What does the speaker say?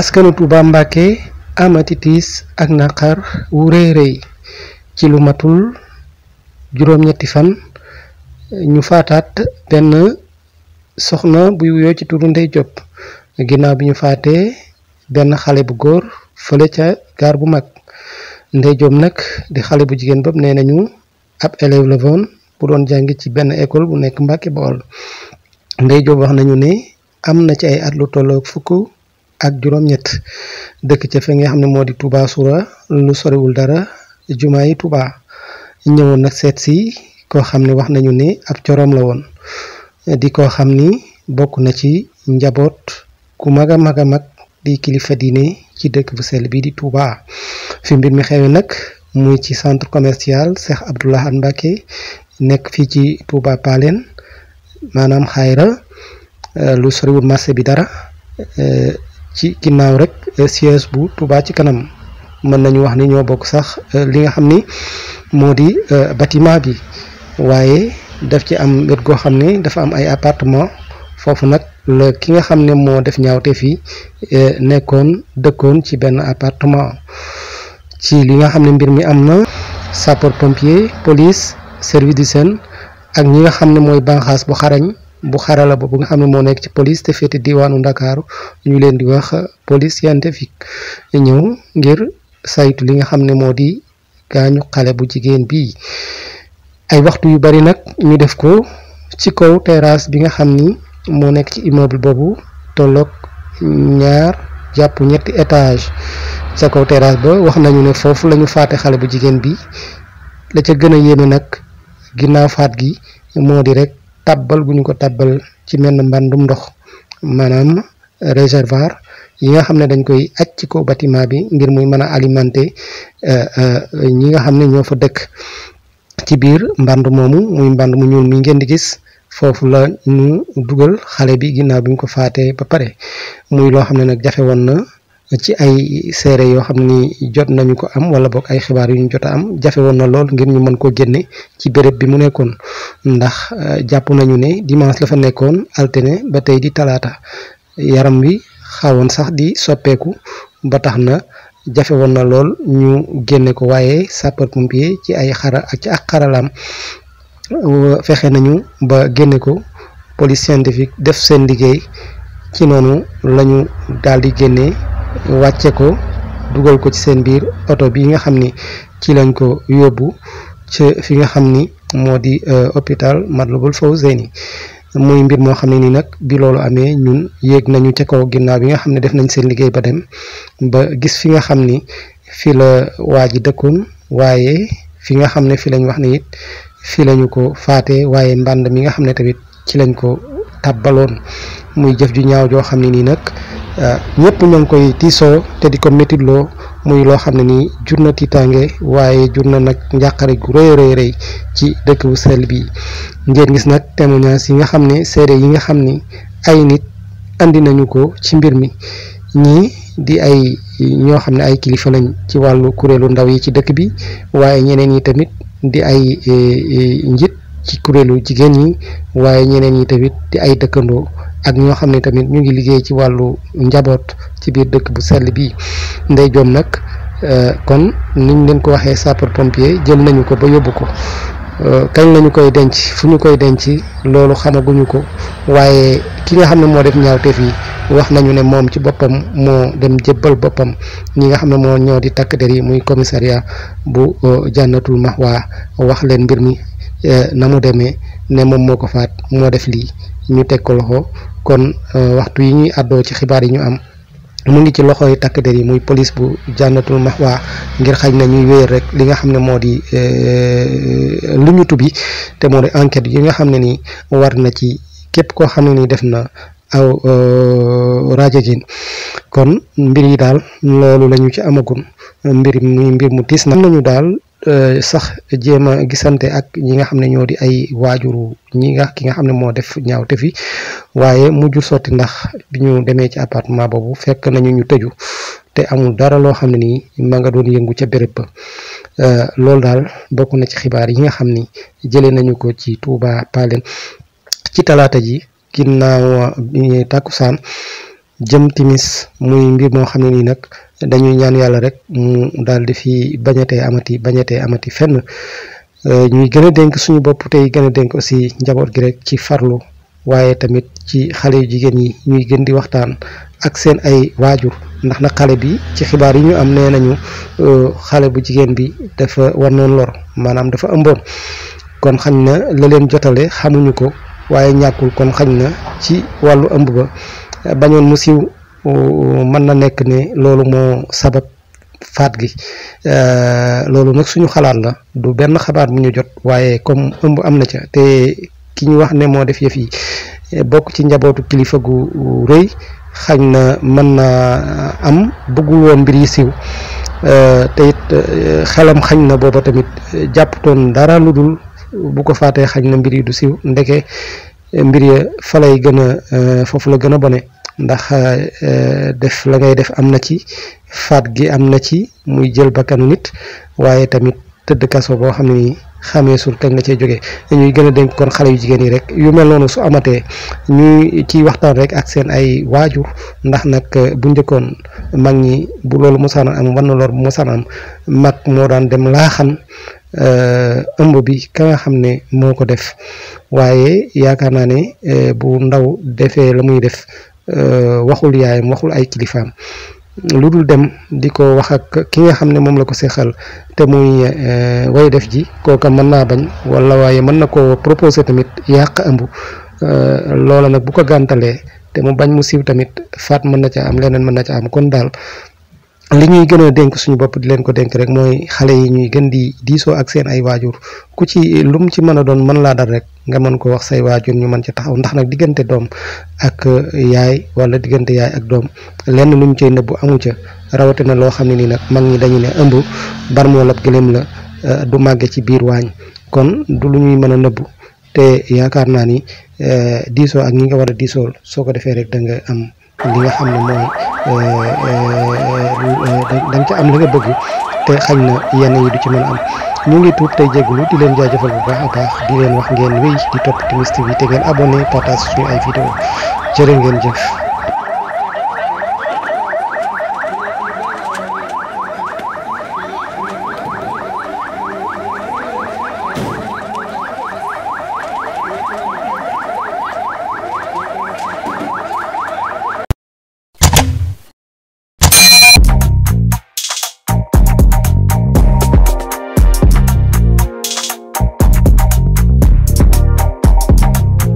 askanu Touba Mbacke amati tiis ak naqar wu rëy rëy ci lu matul juróom-ñetti fan ñu faataat benn soxna buy wuyoo ci turu Ndey Diop ginnaaw bi ñu faatee benn xale bu góor fële ca gaar bu mag Ndey Diop nag di xale bu jigéen boobu nee nañu ab élève la woon bu doon jàngi ci benn école bu nekk Mbacke Bawol Ndey Diop wax nañu ne am na ci ay at lu tolloog fukk ak juroom ñett dëkk ca fi nga xam ne moo di Touba sura lu soriwul dara juma yi Touba ñëwoon nag seet si koo xam ne wax nañu ne ab coroom la woon di koo xam ni bokk na ci njaboot ku mag a mag a mag di kilifa diine ci dëkk bu sell bi di Touba fi mbir mi xewee nag muy ci centre commercial Cheikh an mbake nekk fii ci Touba Palen maanaam xayra lu soriwul marché bi dara ci ginnaaw rek eh, siège bu Touba ci kanam mën nañu wax ni ñoo bokk sax eh, li nga xam ni moo di eh, bâtiment bi waaye daf ci am wet goo xam ne dafa am ay appartement foofu nag la ki nga xam ne moo def ñaawte fii nekkoon dëkkoon ci benn appartement ci li nga xam ne mbir mi am na sapeur pompier police service d'hygiène ak ñi nga xam ne mooy banqaas bu xarañ bu xarala bobu nga xamne mo nek ci police te fete diwanu dakar ñu leen di wax police scientifique ngir saytu li nga xamne ne gañu xalé bu jigen bi ay waxtu yu bari nak ñu def ko ci kaw terrasse bi nga xamni mo nek ci immeuble bobu tolok ñaar japp ñet étage ca kaw terrasse ba wax nañu ne fofu lañu faté xalé bu jigen bi la ca gëna yéme nak nag fat gi modi rek tabbal gu ñu ko tabbal ci mel menn mbàndum ndox maanaam réservoir yi nga xam ne dañ koy aj ci ko bâtiment bi ngir muy mën a alimenter euh, euh, ñi nga xam ne ñoo fa dëkk ci biir mbànd moomu muy mbànd mu ñuul mi ngeen di gis foofu la ñu dugal xale bi ginnaaw bi ñu ko faatee ba pare muy loo xam ne nag jaxe woon na ci ay seere yoo xam ni jot nañu ko am wala boog ay xibaar yu ñu jot a am jafe woon na lool ngir ñu mën ko génne ci béréb bi mu nekkoon ndax euh, jàpp nañu ne dimanche la fa nekkoon altine ba tey di talaata yaram wi xawoon sax di soppeeku ba tax na jafe woon na lool ñu génne ko waaye sapeur pompier ci ay xara ak ci ak xaralaam euh, fexe nañu ba génne ko police scientifique def seen liggéey ci noonu lañu daal di génnee wàcce ko dugal ko ci seen biir oto bi nga xam ni ci lañ ko yóbbu ci fi nga xam ni moo di euh, hôpital Matlaboul Fawzeyni muy mbir moo xam ne nii nag bi loolu amee ñun yéeg nañu ca kaw ginnaaw bi nga xam ne def nañ seen liggéey ba dem ba gis fi nga xam ni fi la waa ji dëkkoon waaye fi nga xam ne fi lañ wax ni it fi lañu ko faate waaye mbànd mi nga xam ne tamit ci lañ ko tàbbaloon muy jëf ju ñaaw joo xam ne nii nag Euh, ñëpp ñoo ngi koy tiisoo te di ko métitloo muy loo xam ne nii jur na tiitaange waaye jur na nag njàqare gu rëy rëy rëy ci dëkk bu sell bi ngeen gis nag témoignage yi nga xam ne seede yi nga xam ni ay nit andi nañu ko ci mbir mi ñii di ay ñoo xam ne ay kilifa lañ ci wàllu kuréelu ndaw yi ci dëkk bi waaye ñeneen yi tamit di ay eh, eh, njit ci kurelu jigen ñi waye ñeneen ñi tamit di ay dëkkandoo ak ñoo xamne tamit ñu ngi liggéey ci walu njabot ci biir dëkk bu sell bi ndey jom nak euh, kon niñ leen ko waxe sapeur pompier jël nañu ko ba yobbu ko euh, kañ lañu koy denc fu ñu koy denc loolu xamaguñu ko waye ki nga xamne mo def ñaawteef fi wax nañu ne mom ci bopam mo dem jébbal bopam ñi nga xamne mo ñoo di tak der yi muy commissariat bu euh, jannatul mahwa wax leen mbir mi Eh, na mu ne mom moko ko faat mo def li ñu tek ko loxo kon eh, waxtu yi ñuy addo ci xibaar yi ñu am mu ngi ci loxoy tak der yi muy police bu jannatul mahwa ngir xaj na ñuy wéer rek li nga xamne modi euh luñu tubi te moo enquête yi nga xamne ni war na ci képp ko xamne ni def na aw eh, rajajin kon mbir yi dal lolu lañu ci amagum mbir muy mbir mu tiis nañu Euh, sax jéema a gisante ak ñi nga xam ne ñoo di ay waajuru ñi nga ki nga xam ne moo def ñaaw te waaye mujj sotti ndax bi ñu demee ci appartement boobu fekk nañu ñu tëju te amul dara loo xam ne nii ma nga doon yëngu ca béréb ba euh, loolu daal bokk na ci xibaar yi nga xam ni jëlee nañu ko ci tuubaa Palen ci talaata ji eh, takku saan jëm timis muy mbir moo xam ne nii nag dañuy ñaan yàlla rek mu daal di fi bañatee amati bañatee amati fenn euh, ñuy gën a dénk suñu bopp tey gën a dénk aussi njaboot gi rek ci farlu waaye tamit ci xale yu jigéen yi ñuy gën di waxtaan ak seen ay waajur ndax nag xale bi ci xibaar yi ñu am nee nañu euh, xale bu jigéen bi dafa war noon lor maanaam dafa ëmboon kon xañ na laleen jotale xamuñu ko waaye ñàkkul kon xañ na ci wàllu ëmb ba bañoon mu siiw mën na nekk ne loolu moo sabab faat gi euh, loolu nag suñu xalaat la du benn xabaat bu ñu jot waaye comme ëmb am na ca te ki ñu wax ne moo def yëf yi bokk ci njabootu kilifa gu rëy xañ na mën na am bëggul woon mbir yi siw euh, te it euh, xelam xañ na booba tamit jàpptoon dara lu dul bu ko faatee xañ na mbir yi du siw ndeke mbir ya fa gën a euh, foofu la gën a bone ndax euh, def la ngay def am na ci faat gi am na ci muy jël bakkan nit waaye tamit tëdd kaso boo xam ne nii xamee sul kañ la cee jógee ñuy gën a dénk kon xale yu jigéen yi rek yu mel noonu su amatee ñuy ci waxtaan rek ak seen ay waajur ndax nag eh, bu njëkkoon mag ñi bu loolu mosaan am war na lool bu mosaan am mag moo daan dem laa xam eh, ëmb bi ka xam ne moo ko def waaye yaakaar naa ne eh, bu ndaw defee la muy def waxul yaayam waxul ay kilifaam lu dul dem di ko wax ak ki nga xam ne moom la ko seexal te muy eh, way def ji kooka mën naa bañ wala waaye mën na koo proposer tamit yàq ëmb eh, loola nag bu ko gàntalee te mu bañ mu siiw tamit faat mën na ca am leneen mën na ca am kon daal li ñuy gën a dénk suñu bopp di leen ko denk rek mooy xale yi ñuy gën di diisoo ak seen ay waajur ku ci lum ci mën a doon mën laa dal rek nga mën ko wax say waajur ñu mën ci taxaw ndax nag diggante doom ak yaay wala diggante yaay ak doom lenn lu ñu cay nëbbu amu ca rawatina loo xam ne nii nag mag ñi dañu ne ëmb barmool ab gëléem la eh, du màgge ci biir waañ kon du lu ñuy mën a nëbbu te yaakaar naa ni eh, diisoo ak ñi nga war a diisool soo ko defee rek da nga am li nga xam ne mooy euh, euh, euh, da nga am li nga bëgg te xañ na yenn yi du ci mën am ñu ngi tuub tey jégalu di leen jaajëfal bu baax a baax di leen wax ngeen wéy di topp Timis TV te ngeen abonné partage suñu ay vidéo jërë ngeen jëf.